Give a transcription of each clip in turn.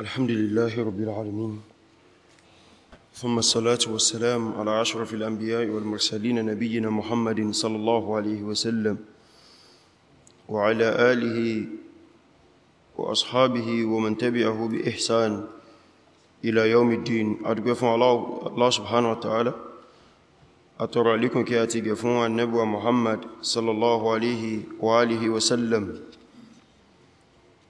الحمد لله رب العالمين ثم الصلاة والسلام على أشرف الأنبياء والمرسلين نبينا محمد صلى الله عليه وسلم وعلى آله وأصحابه ومن تبعه بإحسان إلى يوم الدين أتقفوا الله سبحانه وتعالى أترى لكم كي أتقفوا النبوة محمد صلى الله عليه وآله وسلم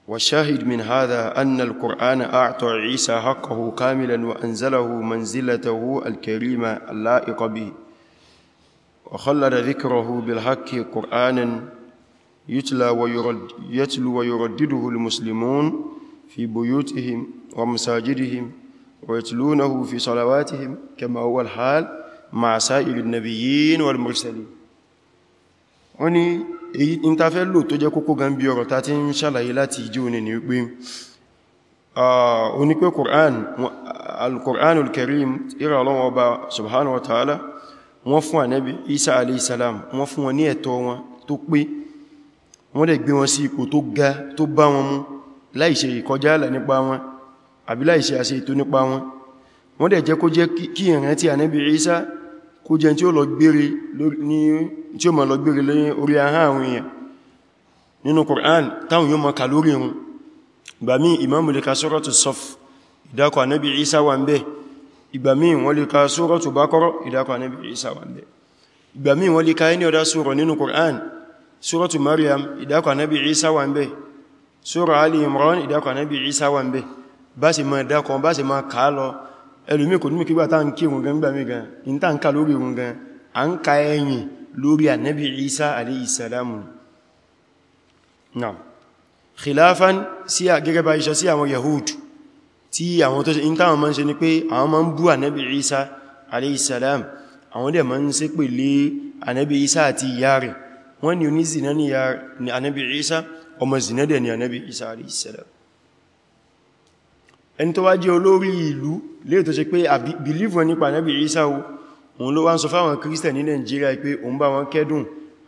والشاهد من هذا أن القرآن أعطى عيسى حقه كاملا وأنزله منزلته الكريمة اللائقة به وخلد ذكره بالحق قرآنا يتلى ويرد يتلو ويردده المسلمون في بيوتهم ومساجدهم ويتلونه في صلواتهم كما هو الحال مع سائر النبيين والمرسلين وني in ta fẹ́ lò tó jẹ́ kókó gan bí ọ̀rọ̀ ta ti ń ṣàlàyé láti ìjó ní ni pé o pé al-Qur'anul Karim ìrà ọlọ́wọ́ ọba subhanahu wa ta'ala wọ́n fún ànábì Isa alayhi salam wọ́n fún wọn ní ẹ̀tọ́ wọn tó pé wọ́n dẹ̀ gbé wọn sí ipò tó ga tó bá wọn mú láìṣe ìkọjá nípa wọn àbí láìṣe àṣe ètò nípa wọn wọ́n dẹ̀ jẹ́ kó jẹ́ kí ìrántí ànábì Isa kó jẹ tí ó ma lọ gbére lé orí ahá àwọn èèyàn nínú Qur'an táwọn yóò ma kà lórí wọn ìgbà mí ìmáàmù lè ka Suratu Saf ìdákọ̀ ànábì Isa wà ń bẹ ìgbà mí wọ́n lè ka Suratu Baqara ìdákọ̀ sura nínú Maryam ìdákọ̀ ànábì Isa wà ń bẹ Ali Imran ìdákọ̀ ànábì Isa wà ń bẹ bá sì ma dákọ̀ ẹlòmí kò nímú kígbà tán kí wọn gan gbà mí gan in tán ká lórí wọn gan a ń ka ẹ̀yìn lórí ànábì Isa alayhi salamu náà khilafan sí gẹ́gẹ́ bá iṣẹ́ sí àwọn Yahud tí àwọn tó ṣe in táwọn máa ń ṣe ni pé àwọn máa ń bú ànábì Isa alayhi salam àwọn dẹ̀ máa ń pè lé ànábì Isa àti ìyá rẹ̀ wọ́n ní onízìnà ni ànábì Isa ọmọ zìnà dẹ̀ ni ànábì Isa alayhi ẹni tó wá jẹ́ olórí ìlú léè tó ṣe pé believe wọn nípa náàbì Ìsá òun ló wá ń sọ fáwọn kírísítẹ̀ ní Nàìjíríà pé òun bá wọn kẹ́dùn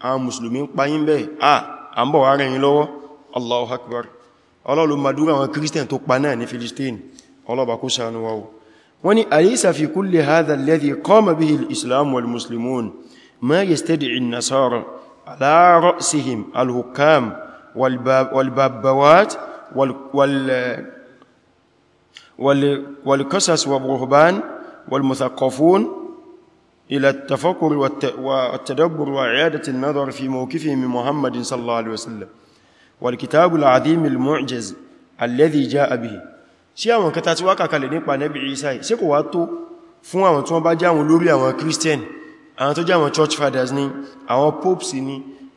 àwọn mùsùlùmí ń payín bẹ́ẹ̀ à à ń bọ̀ wá rẹ̀yìn lọ́wọ́ Allahu Akbar ọlọ́lọ́ madúrà àwọn kírísítẹ̀ tó pa náà ní Filistin ọlọ́bà kó والقصص والرهبان والمثقفون إلى التفكر والتدبر وإعادة النظر في موقفه من محمد صلى الله عليه وسلم والكتاب العظيم المعجز الذي جاء به ṣé àwọn kan tá wá kàkalẹ̀ nípa Nábì Ìsá ṣé kò wá tó fún àwọn tí wọ́n bá jẹ́ àwọn àwọn Christian àwọn tó jẹ́ church fathers ni àwọn popes ni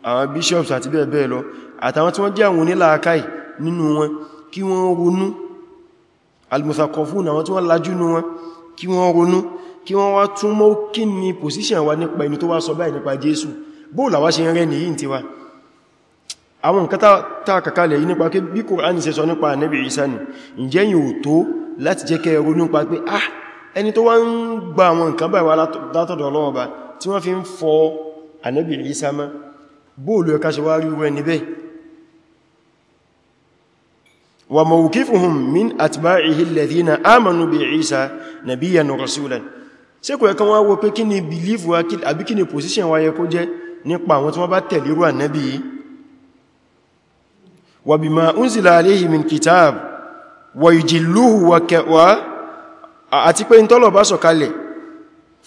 àwọn bishops àti bẹ́ẹ̀ bẹ́ẹ̀ lọ àtàwọn tí wọ́n jẹ́ àwọn nínú wọn kí wọ́n ronú almuthaqafun àwọn tí wọ́n lajú nú wọn kí wọ́n ronú kí wọ́n wá túnmọ̀ kí ni position wa nípa ẹni tó wá sọ báyìí nípa Jésù bóòlà wá ṣe ń rẹ́ nìyí ti wá àwọn nǹkan tàà kàkàlẹ̀ yìí nípa pé bí Kùránì ṣe sọ nípa Ànábì Ìsá ni yìí ò tó láti jẹ́ kẹ́ nípa pé ah ẹni tó wá ń gba àwọn nǹkan báyìí wá látọ̀dọ̀ Ọlọ́run Ọba tí wọ́n fi ń fọ Ànábì Ìsá bóòlù ẹ̀ká rẹ̀ níbẹ̀ وموقفهم من أتباعه الذين آمنوا بعيسى نبيا ورسولا ṣé kò yẹ kan wá wò pé kíni believe wa kí àbí kíni position wa yẹ kó jẹ́ nípa àwọn tí wọ́n bá tẹ̀lé ru ànábì wa bima unzila alayhi min kitab wa yujilluhu wa wa àti pé ntolo bá sọ̀ kalẹ̀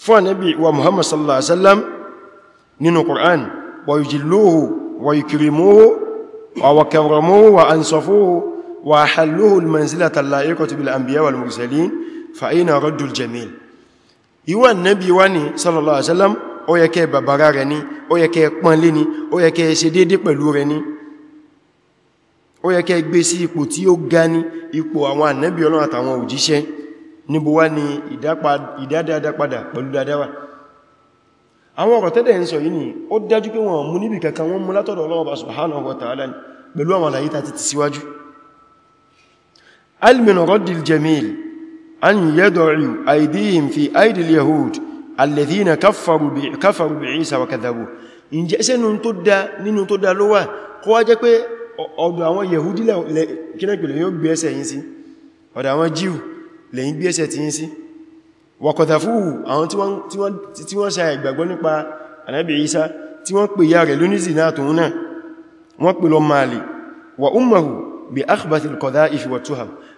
fún ànábì wa Muhammad sallallahu nínú Qur'an wa yujilluhu wa yukrimuhu wa wa karamuhu wa ansafuhu وحلوه المنزلة اللائقة بالأنبياء والمرسلين فأين رد الجميل ìwọ Ànábì wa ni sallallahu alaihi wasallam ó yẹ kẹ́ babara rẹ̀ ni ó yẹ kẹ́ pọ́nlé ni ó yẹ kẹ́ ṣe dédé pẹ̀lú rẹ̀ ni ó yẹ kẹ́ gbé sí ipò tí ó ga ni ipò àwọn Ànábì Ọlọ́run àtàwọn òjíṣẹ́ níbo wá ni ìdádáadápadà pẹ̀lú dáadáa àwọn ọ̀rọ̀ tẹ́dẹ̀ ń sọ yìí ni ó dájú pé wọn mú níbi kankan subhanahu wa ta'ala pẹ̀lú àwọn àlàyé tàti síwájú almin raddil jamil an yad'u aydihim fi aydi al-yahud alladhina kaffaru bi kafaru bi Isa wa kadhabu ǹjẹ́ ṣé nun tó dá nínú tó dá ló wà kó wá jẹ́ pé ọ̀dọ̀ àwọn yahudi le kina pe le yo gbé ẹsẹ̀ yín sí ọ̀dọ̀ àwọn jew le yin gbé ẹsẹ̀ ti yín sí wa kadhafu àwọn tí wọ́n tí wọ́n nípa Ànábì Isa tí wọ́n pè ya rẹ̀ lonizi na to na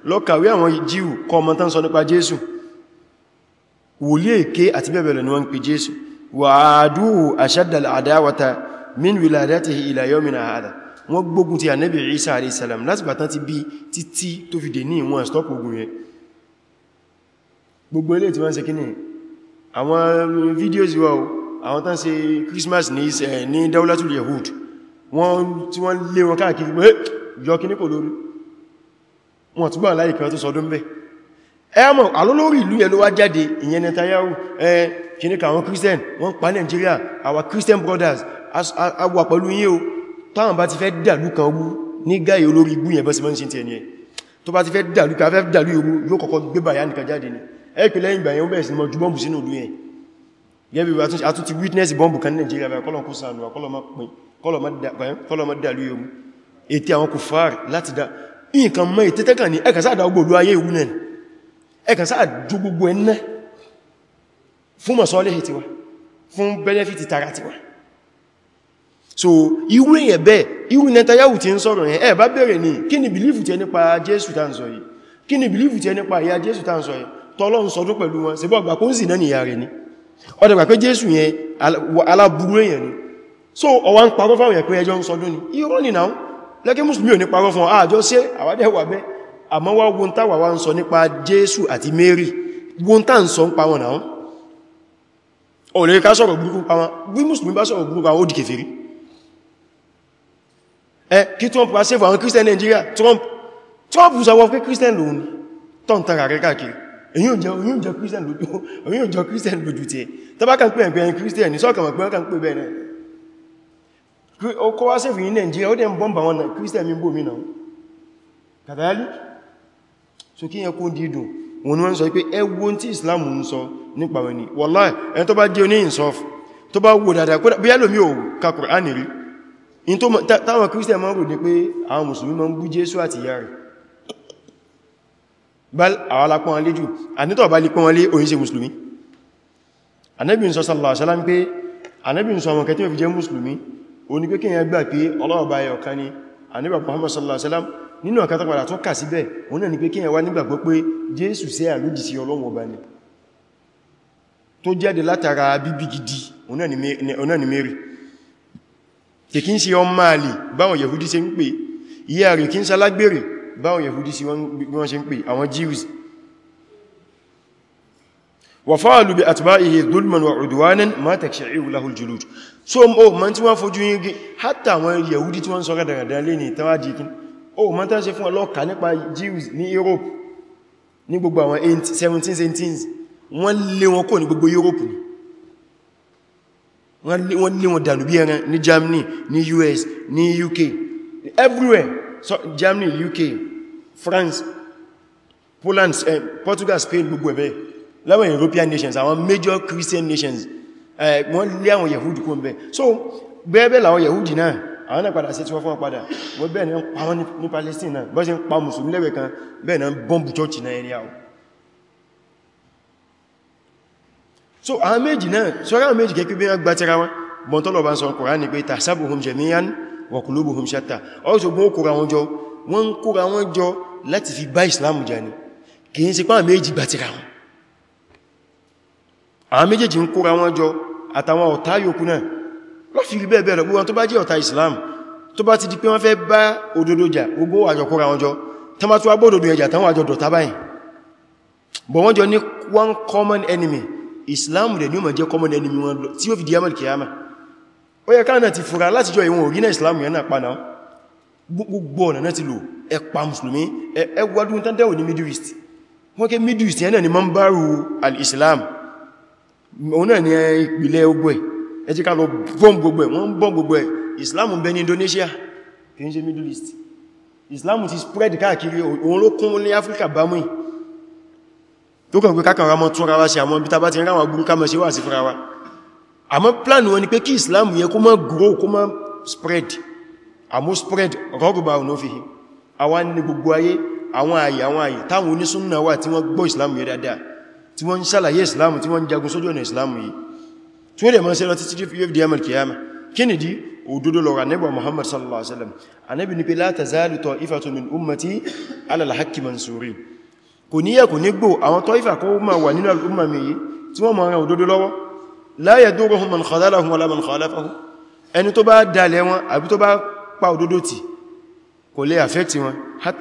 lọ kàwé àwọn jíù kọ ọmọ tán sọ nípa jésù wòlíè èké àti bẹ́ẹ̀bẹ̀rẹ̀ ni wọ́n ń pè jésù wà àdúhù ashaddal adawata min wiladatihi ila yawmina hadha wọ́n gbógun ti ànábì isa alayhi salam láti bàtán ti bí títí tó fi dè àwọn tán ṣe christmas ní dáúlátùl yahud wọ́n tí wọ́n lé wọn káàkiri pé yọ kíní kò lórí wọn túgbà láìkẹ́ tó sọdún bẹ́ ẹmọ̀ alólórí ìlú yẹn ló wá jáde ìyẹn Netanyahu ẹ kìníkà àwọn Christian wọ́n pa Nigeria our Christian brothers awà pẹ̀lú yín o táwọn bá ti fẹ́ dàlú kan wú ní gáyẹ̀ olórí igbú yẹn bọ́sí mọ́sí tẹ̀ẹ̀ni ẹ̀ tó bá ti fẹ́ dàlú kan fẹ́ dàlú ewu yóò kọ́kọ́ gbé bàyá nìkan jáde ni ẹ pè lẹ́yìn ìgbà yẹn ó bẹ̀rẹ̀ sí mọ́ ju bọ́m̀bù sínú ìlú yẹn gẹ́bí a tún ti witness bọ́m̀bù kan ní Nigeria bẹ̀rẹ̀ kọ́lọ̀ kó sànù kọ́lọ̀ mọ́ dàlú ewu ètí àwọn nǹkan mọ́ ìtẹ́tẹ́kà ní ẹkà sáàdá ogbòlú ayé ìwú nẹ̀ ẹkà sáàdú gbogbo ẹ̀nẹ́ fún mọ̀sọ́lẹ̀ tiwa fún benefit tara tiwa so irú èyàn bẹ́ẹ̀ irú Netanyahu ti ń sọ̀rọ̀ yẹn ẹ bá bẹ̀rẹ̀ ní kí ni bìlífù tẹ nípa Jésù tá ń sọ yìí kí ni bìlífù tẹ nípa ìyá Jésù tá ń sọ yìí tọ́lọ́run sọdún pẹ̀lú wọn ṣe bọ́ àgbà kó ń sì náà nìyà rẹ̀ ni ọdẹ̀gbà pé Jésù yẹn aláburú èyàn ni so ọwá ń parọ́ fáwọn èyàn pé ẹjọ́ ń sọdún ni irọ́ ni náà lẹ́kí musulmi ò ní parọ́ fún àjọ sí àwádẹ́ wà bẹ́ àmọ́ wá wọ́n tàwà wá ń sọ nípa Jésù àti Mary wọ́n tàà ń sọ ń pa wọn náà ò lè ká sọ̀rọ̀ burúkú pa wọn bí musulmi bá sọ̀rọ̀ burúkú àwọn ó di kèfèrí ẹ kí Trump wá sẹ́fù àwọn Christian Nigeria Trump Trump sọwọ́ pé Christian lòun tọ́n tara rẹ̀ káàkiri èyí ò jẹ́ Christian lójú tiẹ̀ tọ́bá kan pè ẹ̀gbẹ̀rin Christian ní sọ́kàmọ̀ pé wọ́n kan pè bẹ́ẹ̀ náà okó wá sí ní Nigeria ó dẹ̀ ń bọ́m̀bà wọn Christian mi bò mí náà kàtàlì so kí yẹn dídùn wọn ni wọ́n sọ pé ẹwọ́ tí Islam ń sọ nípa wọn ni wallahi ẹni tó bá jẹ́ oní ìsọf tó bá wò dáadáa bí yálò mí ò ka Kùránì rí in tó táwọn Christian máa rò ní pé àwọn Mùsùlùmí máa ń bú Jésù àti ìyá rẹ̀ bá àwọn pé Ànábì ń sọ ọmọ fi jẹ́ Mùsùlùmí òní pé kíyàn gbà pé ọlọ́ọ̀bá ẹ̀ ọ̀kan ni àníbà Muhammad sallallahu alaihi wasallam nínú àkátà padà tó kà síbẹ̀ òun náà ni pé kíyàn wá nígbàgbọ́ pé Jésù sí àlójì sí Ọlọ́run ọba ni tó jáde látara bíbí gidi òun náà ni Mary kìkín sí ọmọ àlè báwọn Yahudi وفعلوا بأتباعه ظلما وعدوانا ما تكشعر له الجلود so o oh, man tí wọ́n fojú yín gé hatta àwọn yahudi tí wọ́n sọ gada gada le ni tawaji kin o man ta ṣe fún oloka nípa jews ní europe ní gbogbo àwọn 17 17s wọ́n lé wọn kò ní gbogbo europe everywhere germany uk france poland eh, portugal spain gbogbo ebe láwọn European nations àwọn major Christian nations wọ́n lé àwọn Yahudi kó ń so bẹ́ẹ̀bẹ́ làwọn Yahudi náà àwọn náà padà sí tí wọ́n fún padà wọ́n bẹ́ẹ̀ ni pa ní Palestine náà bọ́ sí ń pa Mùsùlùmí lẹ́wẹ̀ kan bẹ́ẹ̀ náà bọ́m̀bù chọ́ọ̀chì náà ẹni so àwọn méjì náà sọ́rọ̀ àwọn méjì kẹ́kẹ́ bí wọ́n gbá tẹ́ra wọn bọ́ntọ́lọ̀ bá ń sọ Kùránì pé tahsabuhum jami'an wa qulubuhum shatta ọ́sọ̀ bó kóra wọn jọ wọ́n wọn àwọn méjèèjì ń kóra wọn jọ àtàwọn ọ̀tá yòókù náà lọ́ fi rí bẹ́ẹ̀bẹ́ẹ̀ lọ gbogbo tó bá jẹ́ ọ̀tá Islam tó bá ti di pé wọ́n fẹ́ bá òdodo jà gbogbo àjọ kóra wọn jọ tó má tó wá wọ́n jọ one common enemy Islam dẹ̀ ní ó máa common enemy wọn tí ó fi di yamal kiyama ó yẹ káà náà ti fura láti Islam yẹn náà paná gbogbo ọ̀nà náà ti lò ẹpa mùsùlùmí ẹgbọ́dún tán dẹ̀wò ní Middle East wọ́n kẹ́ Middle East yẹn náà ni mọ́ ń bárù al-Islam òun náà ni ìpìlẹ̀ ogbò ẹ̀ ẹ jẹ́ ká lọ bọ́m gbogbo ẹ̀ wọ́n bọ́m gbogbo ẹ̀ Islam bẹ ní Indonesia kì í ṣe Middle East Islam ti spread káàkiri òun ló kún ní Africa bámú tó kàn pé kákan ramọ́ tún rawa sí àwọn ibi tàbá ti ń ráwọn agbúrú kámọ̀ sí wà sí fúnra wa àmọ́ plan wọn ni pé kí Islam yẹ kó má grow kó má spread àmọ́ spread rọ́gbà ọ̀nà fi àwọn ní gbogbo ayé àwọn àyè àwọn àyè táwọn onísúnnà wà tí wọ́n gbọ́ Islam yẹ dáadáa tí wọ́n ń ṣàlàyé islam tí wọ́n ń jagun sójú ọ̀nà islam yìí tí wọ́n dẹ̀ mọ́ sí ẹ̀rọ títí yóò di amal kiyama kí ni dí òdodo lọ́rọ̀ anẹ́bà muhammad sallallahu alaihi wasallam anẹ́bì ní pé la tazalu ta'ifatun min ummati ala al-haqqi mansurin kò ní yẹ kò ní gbò àwọn ta'ifa kó ma wà nínú al'umma mi yìí tí wọ́n mọ̀ ran òdodo lọ́wọ́ la yaduruhum man khadalahum wala man khalafahum ẹni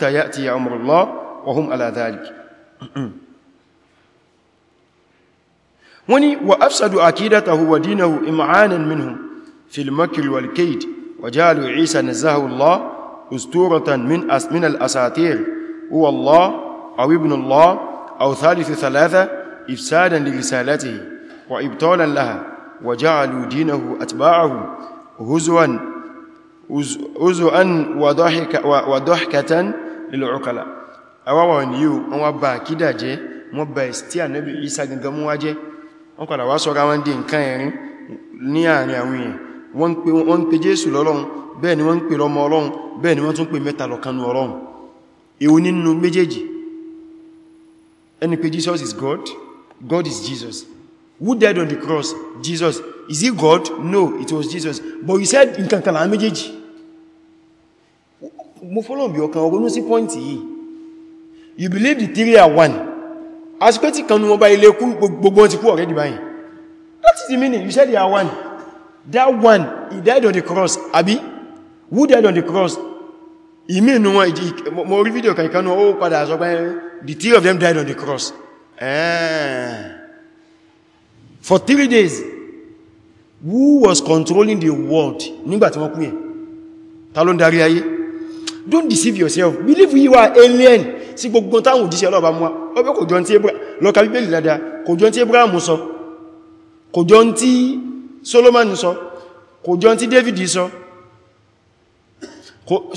tó wa hum ala dhalik wọ́n ni wa afsadu akidatahu wa dinahu im'anan minhum fil makr wal kayd wa jalu isa nazahu allah usturatan min asmin al asatir huwa allah aw ibn allah aw thalith thalatha ifsadan li risalatihi wa ibtalan laha wa jalu dinahu atba'ahu huzwan huzwan wa dhahika wa dhahkatan wọ́n ba akida wọ́n ba isti anabi isa gangan mu wọ́n padà wá sọ́ra wọ́n di nǹkan ẹ̀rin ní àárín àwọn èèyàn wọ́n ń pe Jésù lọ́lọ́run bẹ́ẹ̀ ni wọ́n ń pe lọ́mọ Ọlọ́run bẹ́ẹ̀ ni wọ́n tún pe mẹ́ta lọ́kanú Ọlọ́run èwo nínú méjèèjì ẹni pé Jesus is God God is Jesus who died on the cross Jesus is he God no it was Jesus but he said nǹkan kan láàrín méjèèjì mo fọ́lọ̀ bí ọkàn ọgbọ́n sí pọ́ǹtì yìí you believe the theory are one àti pé tí kanú wọn bá ilé kú gbogbo wọn ti kú already báyìí that is the meaning you said they are one that one he died on the cross Abi, who died on the cross ìmí inú wọn mo rí fídíò kankanú ó padà sọ pé the three of them died on the cross eh. for three days who was controlling the world nígbàtí wọ́n kú yẹn ta ló ń darí ayé don't deceive yourself believe you are alien sí gbogbo táwọn òjíṣẹ́ ọlọ́ọ̀bá mú ọ pé kò jọ tí lọ́ka bíbélì dada kò jọ tí Abraham sọ kò jọ tí Solomon sọ kò jọ tí David sọ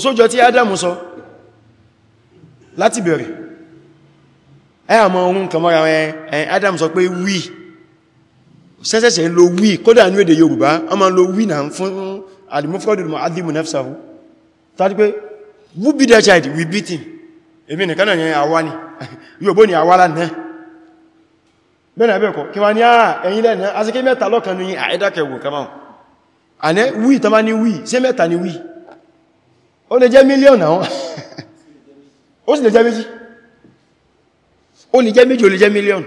sójọ tí Adam sọ láti bẹ̀rẹ̀ ẹ àmọ́ ohun kan mọ́ra ẹn Adam sọ pé wí sẹ́sẹ̀sẹ̀ lo wí kódà ní èdè Yorùbá a máa lo wí náà fún alimofrodul mu'adhimu nafsahu tàbí pé who be that child we beat him èmi nìkan náà yẹn àwa ni yóò bó ni àwa lánàá bẹ́ẹ̀nà bẹ́ẹ̀kọ́ kí wá ní àà ah, ẹ̀yìn lẹ́nà a sì kí mẹ́ta lọ́kan ní àìdákẹwò ah, kamáhùn àní wí tàbá ní wí sí mẹ́ta ní wí ó lè jẹ́ mílíọ̀n náà ó sì lè jẹ́ méjì ó lè jẹ́ méjì ó lè jẹ́ mílíọ̀n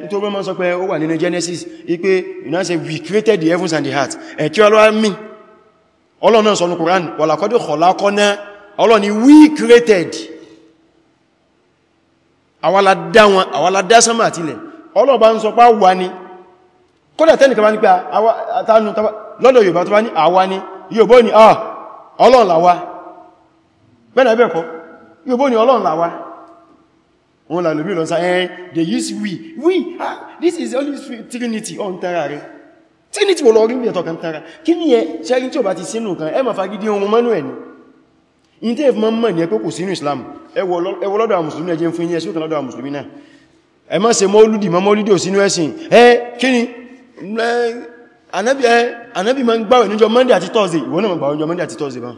nítorí wọ́n sọ pé ó wà nínú Genesis ipé united we created the heavens and the heart ẹ̀kí ọlọ́wà mí ọlọ́nà sọ ní Quran wàlàkọ́dọ̀ kọ̀lákọ́ náà ọlọ́ni we created àwàládá wọn àwàládá sánmà àtílẹ̀ ọlọ́ọ̀bá ń sọ pá wà ní kódà tẹ́nìkan bá ní pé àtánú lọ́dọ̀ Yorùbá tó bá ní àwa ní Yorùbá ní ah Ọlọ́run làwa bẹ́ẹ̀ bẹ́ẹ̀ kọ́ Yorùbá ní Ọlọ́run làwa wọn là lórí lọ́nsá ẹ́ eh, they use we we ah this is only trinity on tara rẹ̀ trinity wọ́n lọ rí bí ẹ̀tọ́ kan tara kí ni ẹ ṣẹ́rin tí ò bá ti sínú kan ẹ ma fagidi ohun mọ́nú ẹ̀ ni in tẹ́ ìfẹ́ mọ́ ní ẹ̀pẹ́ kò sínú Islam ẹwọ lọ́dọ̀ àwọn mùsùlùmí ẹjẹ́ fún iye sí òkan lọ́dọ̀ àwọn mùsùlùmí náà ẹ má ṣe mọ́lúdì mọ́ mọ́lúdì ò sínú ẹ̀sìn ẹ kí ni Ànábì ma ń gbààwẹ̀ níjọ́ Monday àti Thursday ìwọ náà ma gbààwẹ̀ níjọ́ Monday àti Thursday bá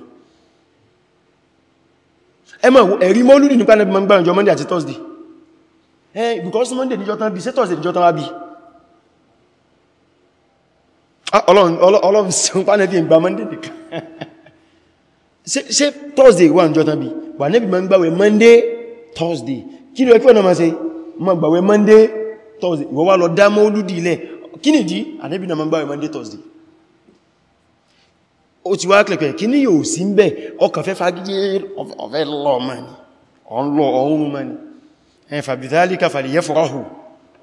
ẹ ma ẹ̀rí mọ́lúdì nípa Ànábì ma ń gbààwẹ̀ níjọ́ Monday àti Thursday ẹ because Monday níjọ́ tán bí ṣe Thursday níjọ́ tán wá bí ah, Ọlọ́run sẹ́wọ́n pánẹ́bí ṣe thursday wà níjọ́ tán bí wà níbi ma ń gbàwẹ̀ monday thursday kí ni ẹkùn ọ̀nà ma ṣe ma gbàwẹ̀ monday thursday ìwọ wá lọ dá mọ́ olúdí ilẹ̀ kí ni dí àníbì náà ma ń gbàwẹ̀ monday thursday o ti wá kẹ̀kẹ̀ kí ni yóò sí ń bẹ̀ ọkàn fẹ́ fagíyé ọ̀fẹ́ lọ mani ọ̀nlọ ọ̀hún mani ẹ̀ fàbíthálíkà fàlìyẹ́fọ́rọ̀hù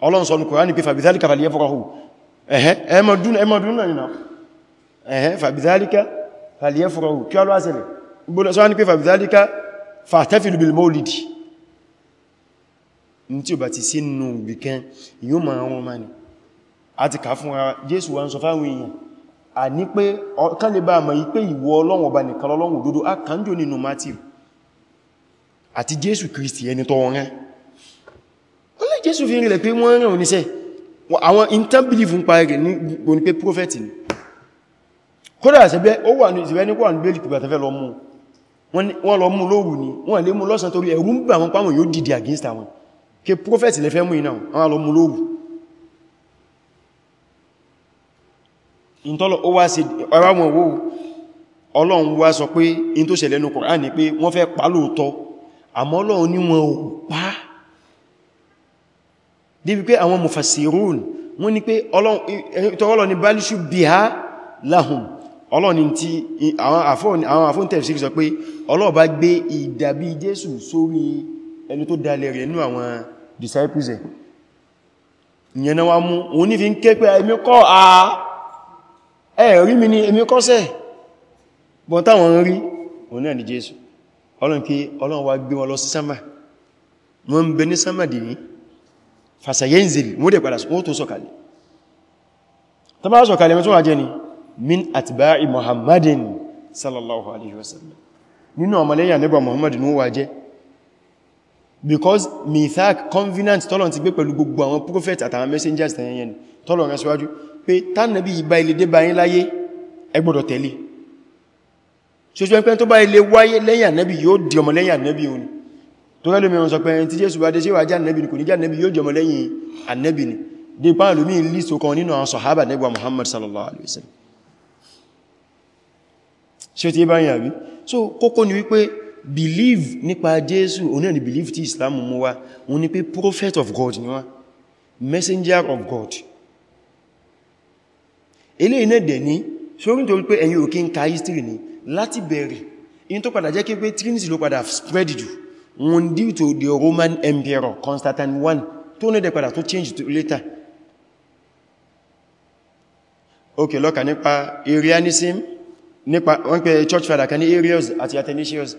ọlọ́run sọ ní kòránì pé fàbíthálíkà fàlìyẹ́fọ́rọ̀hù ẹ̀hẹ́ ẹ̀mọ̀dún náà ẹ̀hẹ́ fàbíthálíkà fàlìyẹ́fọ́rọ̀wù kí ọlọ́wà sẹlẹ̀ gbọ́nà sọ́wọ́n ní pé fàbìdálíká fàtẹ́fìlú bil mọ́lìdì ní tí ó bá ti sí nù bìkan yíó ma àwọn ọmọ ni a ti kà fún ara Jésù wa ń sọ fáwọn èèyàn a ní pé ọkàn lè bá mọ̀ pé ìwọ Ọlọ́run ọba nìkan lọ́lọ́run òdodo a kàn jò nínú Matthew àti Jésù Kristi ẹni tọ́ wọn rán wọ́n lè Jésù fi rí lẹ̀ pé wọ́n rán oníṣẹ́ àwọn intan belief ń parí kódà ṣẹ̀bẹ́ ó wà ní ìsìnbẹ́ ní kọ́wàá ní bẹ́ẹ̀lì pípẹ̀ tẹ́fẹ́ lọ mú wọ́n lọ mú lóòrù ní wọ́n lè mú lọ́sàn torí ẹ̀rù ń bà wọn páwọn yóò dìde against àwọn kí prophet lè fẹ́ mú iná àwọn lọ mú lóòrù ìntọ́lọ̀ ó wá sí ọ̀rá wọn wó ọlọ́run wá sọ ni pé pa lóòtọ́ àmọ́ ọlọ́run ní wọn ò pa débi pé àwọn mufassirun wọ́n lahum ọlọ́ni tí àwọn àfóǹtẹ̀ sí sọ pé ọlọ́ọ̀bá gbé ìdàbí Jésù sórí ẹni tó dalẹ̀ rẹ̀ nú àwọn disciples ẹ̀ ìyẹn náà wá mú òun ní fi ń ké pé èmi kọ́ à ẹ̀rí mi ni èmi kọ́ sẹ́ bọ́n táwọn ń rí òun náà ni Jésù ọlọ́run kí ọlọ́run wá gbé wọn lọ sí sánmà wọ́n ń bẹ ní sánmà dì ní fàṣàyẹ́ǹzìlì wọ́n dẹ̀ padà wọ́n mẹ́tún wà ni min atba'i muhammadin sallallahu alaihi wasallam nínú ọmọlẹ́yìn ànábì muhammadu ní wà jẹ́ because mithaq covenant tọ́lọ̀ ti gbé pẹ̀lú gbogbo àwọn prophet àtàwọn messengers tẹ̀yẹn tọ́lọ̀ rẹ̀ síwájú pé tánàbí ìbá ilé dé báyín láyé ẹ gbọ́dọ̀ tẹ̀lé ṣoṣo ẹgbẹ́ tó bá ilé wáyé lẹ́yìn ànábì yóò di ọmọlẹ́yìn ànábì òní tó rẹ́ lómi sọ pé ẹni tí jésù bá dé síwá jẹ́ ànábì ni kò ní jẹ́ ànábì yóò di ọmọlẹ́yìn ànábì muhammad sallallahu alaihi wasallam ṣe tí bá yàrí so kókó ni wípé believe nípa Jésù oní ẹni believe tí Islam mú wá wọ́n ní pé prophet of God ni wá messenger of God ilé iná dẹ̀ ní ṣorí tó wípé ẹ̀yin òkè ń ka history ni láti bẹ̀rẹ̀ in tó padà jẹ́ kí pé Trinity ló padà spread jù wọ́n due to the Roman Emperor Constantine one, tó ní dẹ̀ padà tó change to later okay lọ́kà nípa Arianism nípa wọ́n pé church father kan ní Arius àti Athanasius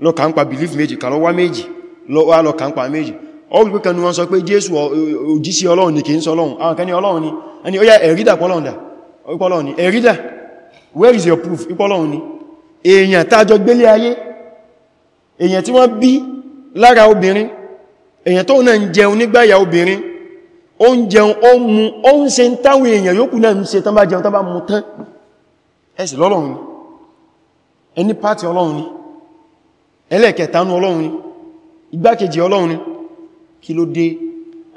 lọ kà ń pa belief méjì kà lọ wá méjì lọ wá lọ kà ń pa méjì ọgbẹ́ kan ní wọ́n sọ pé Jésù òjíṣẹ́ Ọlọ́run ní kì í sọ Ọlọ́run àwọn kan ní Ọlọ́run ni ẹni ó yá ẹ̀rídà pọ́lọ́ndà ọ̀pọ̀lọ́run ni ẹ̀rídà where is your proof ìpọ́lọ́run ni èèyàn tájọ gbélé ayé èèyàn tí wọ́n bí lára obìnrin èèyàn tó náà ń jẹun nígbàyà obìnrin ó ń jẹun ó ń mu ń táwọn èèyàn yókù náà ń ṣe tán bá jẹun tán bá mu tán ẹ̀sì lọ́lọ́run ni ẹni pàtí ọlọ́run ni ẹlẹ́ẹ̀kẹtanú ọlọ́run ni igbákejì ọlọ́run ni kí ló dé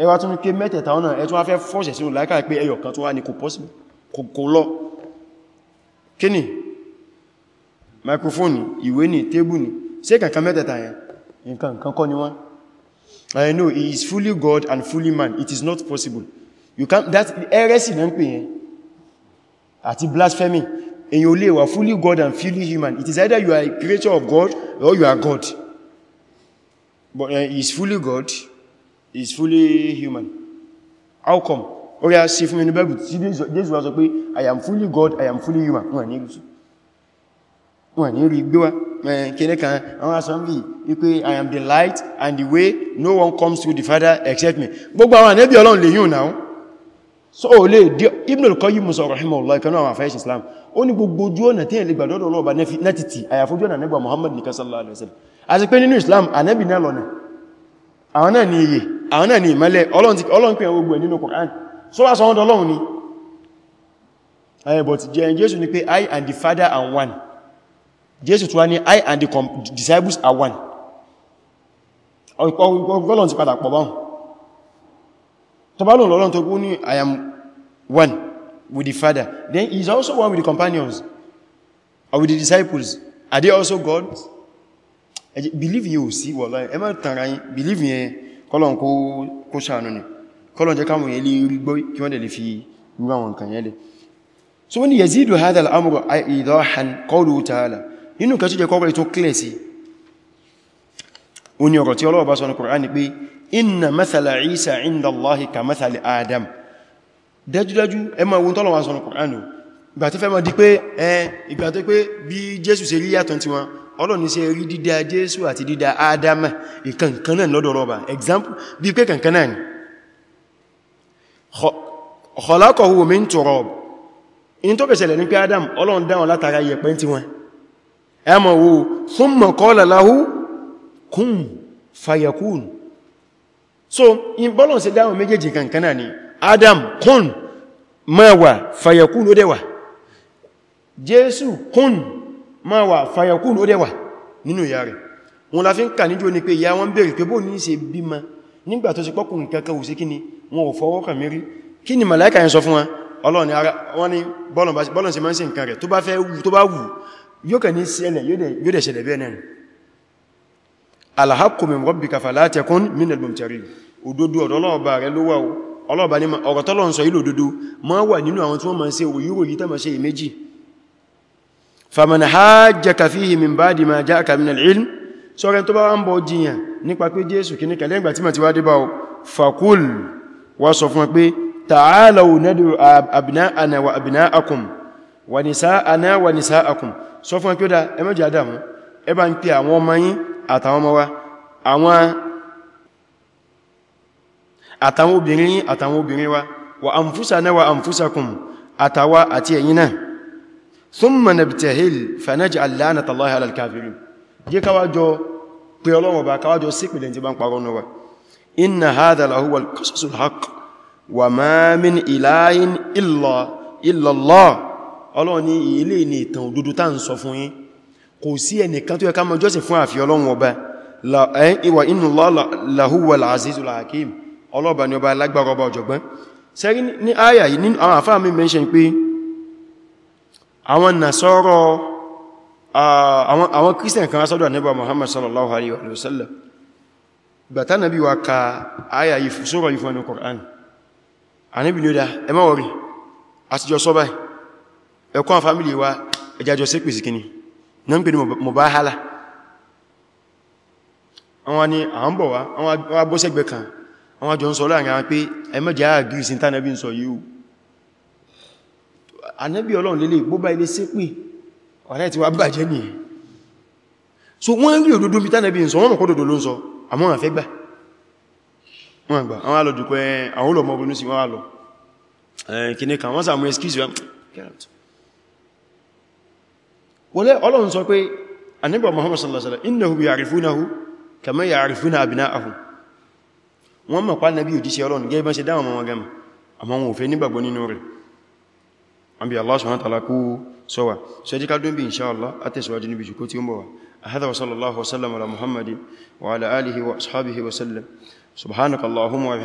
ẹ wá tún ní pé mẹ́tẹ̀ta ọ̀nà ẹ tún wá fẹ́ fọ́ṣẹ̀ sínú láìka pé ẹyọ kan tó wá ní kò pọ́sí kò lọ kí ni microphone ìwé ni tébù ni ṣé kankan mẹ́tẹ̀ta yẹn nǹkan kan kọ́ ni wọ́n I know he is fully God and fully man it is not possible you can't that ẹrẹ́sì náà ń pè yẹn àti blasphemy èyàn ò lè are fully God and fully human it is either you are a creature of God or you are God but uh, he is fully God he is fully human how come Oh yá sí fún ẹni bẹ́gbù tí Jésù wá sọ pé I am fully God I am fully human wọ́n I need to. ní I need to kan àwọn asọ́nbí wípé I am the light and the way no one comes to the Father except me gbogbo àwọn ànẹ́bí Ọlọ́run lè yùn náà so o le Ibn al-Qayyim musa rahimahullah ikanu àwọn afẹ́ islam ó ní gbogbo ojú ọ̀nà tí ẹ̀lẹ́gbà lọ́dọ̀ ọlọ́ọ̀bá nẹ́tìtì àyàfojú ọ̀nà nẹ́gbà Muhammad nìkan sallallahu alaihi wasallam àti pé nínú islam anẹ́bì náà lọ́nà àwọn náà ni iye àwọn náà ni ìmọ́lẹ̀ Ọlọ́run pè gbogbo ẹ̀ nínú Qur'an so wá sọ́wọ́n dọ́lọ́run ni but Jésù ni pé I and the Father are one Jésù tuwa ni I and the disciples are one ọ̀pọ̀ ọ̀pọ̀ ọ̀pọ̀ tọbalọ lọ́lọ́n tó kú ní I am one with the Father then he is also one with the companions or with the disciples are they also God believe yíò sí wọ́lá ẹ má tànra yín believe yẹn kọ́lọ̀n kó sàánú ni kọ́lọ̀n jẹ́ káwọn yẹn lè rí gbọ́ kí wọ́n dẹ̀ lè fi rúra wọn kan yẹn lè so when ni yazidu hadha al-amru idahan qawluhu ta'ala nínú kan tó jẹ́ kọ́kọ́ tó clear sí ó ní ọ̀rọ̀ tí Ọlọ́run bá sọ ní Kùránì pé inna mathala Isa inda Allahi ka mathali Adam dájúdájú ẹ máa wọ́n tọ́lọ̀wà sọ ní Kùránì ìgbà tó fẹ́ mọ́ di pé ẹ ìgbà tó pé bí Jésù ṣe rí yàtọ̀ tí wọn Ọlọ́run ṣe rí dídá Jésù àti dídá Adam ìkankan lọ́dọ̀ example bí pé kankan náà ni khalaqahu min turab in tó bẹ̀ṣẹ̀lẹ̀ ní pé Adam Ọlọ́run dáwọn látara yẹ̀pẹ̀ tí wọn ẹ mọ̀ wo kún fayakún so in bọ́lọ̀ sí dáhùn méjèèjì kankaná ni adam kún mawa wà fayakún ó dẹ́wà jésù kún máa wà fayakún ó dẹ́wà nínú ìyá rẹ̀ wọn la fi ń kà níjó ní pé ìyá wọn bèèrè pé bó ní ṣe bímọ nígbà tó ṣe pọ́kùnrin kankan ò sí ni ara wọn ni bọ́lọ̀ sí máa ń ṣe nǹkan rẹ̀ tó bá wù yóò kàn ní ṣẹlẹ̀ yóò dẹ̀ ṣẹlẹ̀ bẹ́ẹ̀ náà alhaqqu min rabbika fala takun minal mumtarin òdodo ọ̀dọ̀ ọlọ́ọ̀bà rẹ ló wà ó ọlọ́ọ̀bà ní ọ̀rọ̀ tọ́lọ̀ ń sọ ìlò òdodo ma wà nínú àwọn tí wọ́n ma ń ṣe òyúrò yí tàbí ṣe ìméjì faman hajjaka fihi min ba'di ma ja'aka minal ilm sọ́rẹ́ tó bá wá ń bọ́ jiyàn nípa pé pè àwọn ọmọ yín àtàwọn ọmọ wa àwọn àtàwọn obìnrin àtàwọn obìnrin wa wa anfusana wa anfusakum àtàwa àti ẹ̀yin náà thumma nabtahil fanaj'al la'nata Allahi 'ala al-kafirin jẹ́ káwàjọ pé ọlọ́run bá káwàjọ sí pìlẹ̀ tí bá ń parọ́ inna hadha lahuwa al-qasasul wa ma min ilahin illa illa ilé ni ìtàn òdodo tá ń sọ fún yín kò sí ẹnìkan tó yẹ ká mọ jọ́sìn fún àfi ọlọ́run ọba ìwà inú láhúwà l'azizul hakim ọlọ́ba ni ọba alágbára ọba ọ̀jọ̀gbọ́n sẹ́rí ní àyà yìí nínú àwọn àfáà mi mention pé àwọn nàṣọ́rọ̀ àwọn kírísítẹ̀n Muhammad sallallahu alaihi wa sallam bàtà nàbí wa ka àyà yìí Qur'an àníbì ní ó dá ẹmọ́ wọ̀rí àtijọ́ sọ́bàá ẹ̀kọ́ àfámìlì wa ẹjàjọ́ sí pèsìkini na ń pè ní mọ̀báhálà àwọn ni a ń bọ̀ wá àwọn agbóṣẹ́gbẹ̀ kan àwọn jọ ń sọ láàrin àwọn pé ẹmẹ́jẹ́ àgbìrì sí tánàbí ń sọ yíò anẹ́bí ọlọ́run lélẹ̀ gbóbá ilé sí pé ọ̀rẹ́ ti wá bàjẹ́ nìyẹ so wọ́n rí òdodo bí tánàbí ń sọ wọ́n mọ̀kọ́ òdodo ló ń sọ àmọ́ àfẹ́ gbà wọ́n gbà àwọn alọ́dùkọ́ àwọn olùmọ̀bọnú sí wọ́n alọ́ kìnnìkan wọ́n sàmú excuse wọlé ọlọ́run sọ pé Ànábì Muhammad sallallahu alaihi wasallam innahum ya'rifunahu kama ya'rifuna abna'ahum wọ́n mọ̀ pa nabi òjíṣẹ́ ọlọ́run gẹ́gẹ́ bá ṣe dáwọn ọmọ gama àmọ́ wọn ò fẹ́ nígbàgbọ́ nínú rẹ̀ àbí Allah subhanahu wa ta'ala kú sọ́wà sọ jí ká dún bí insha Allah a tẹ̀síwájú níbi ṣùkú tí ó ń bọ̀ wá hadha wa sallallahu wa sallam ala muhammadin wa ala alihi wa ashabihi wa sallam subhanaka allahumma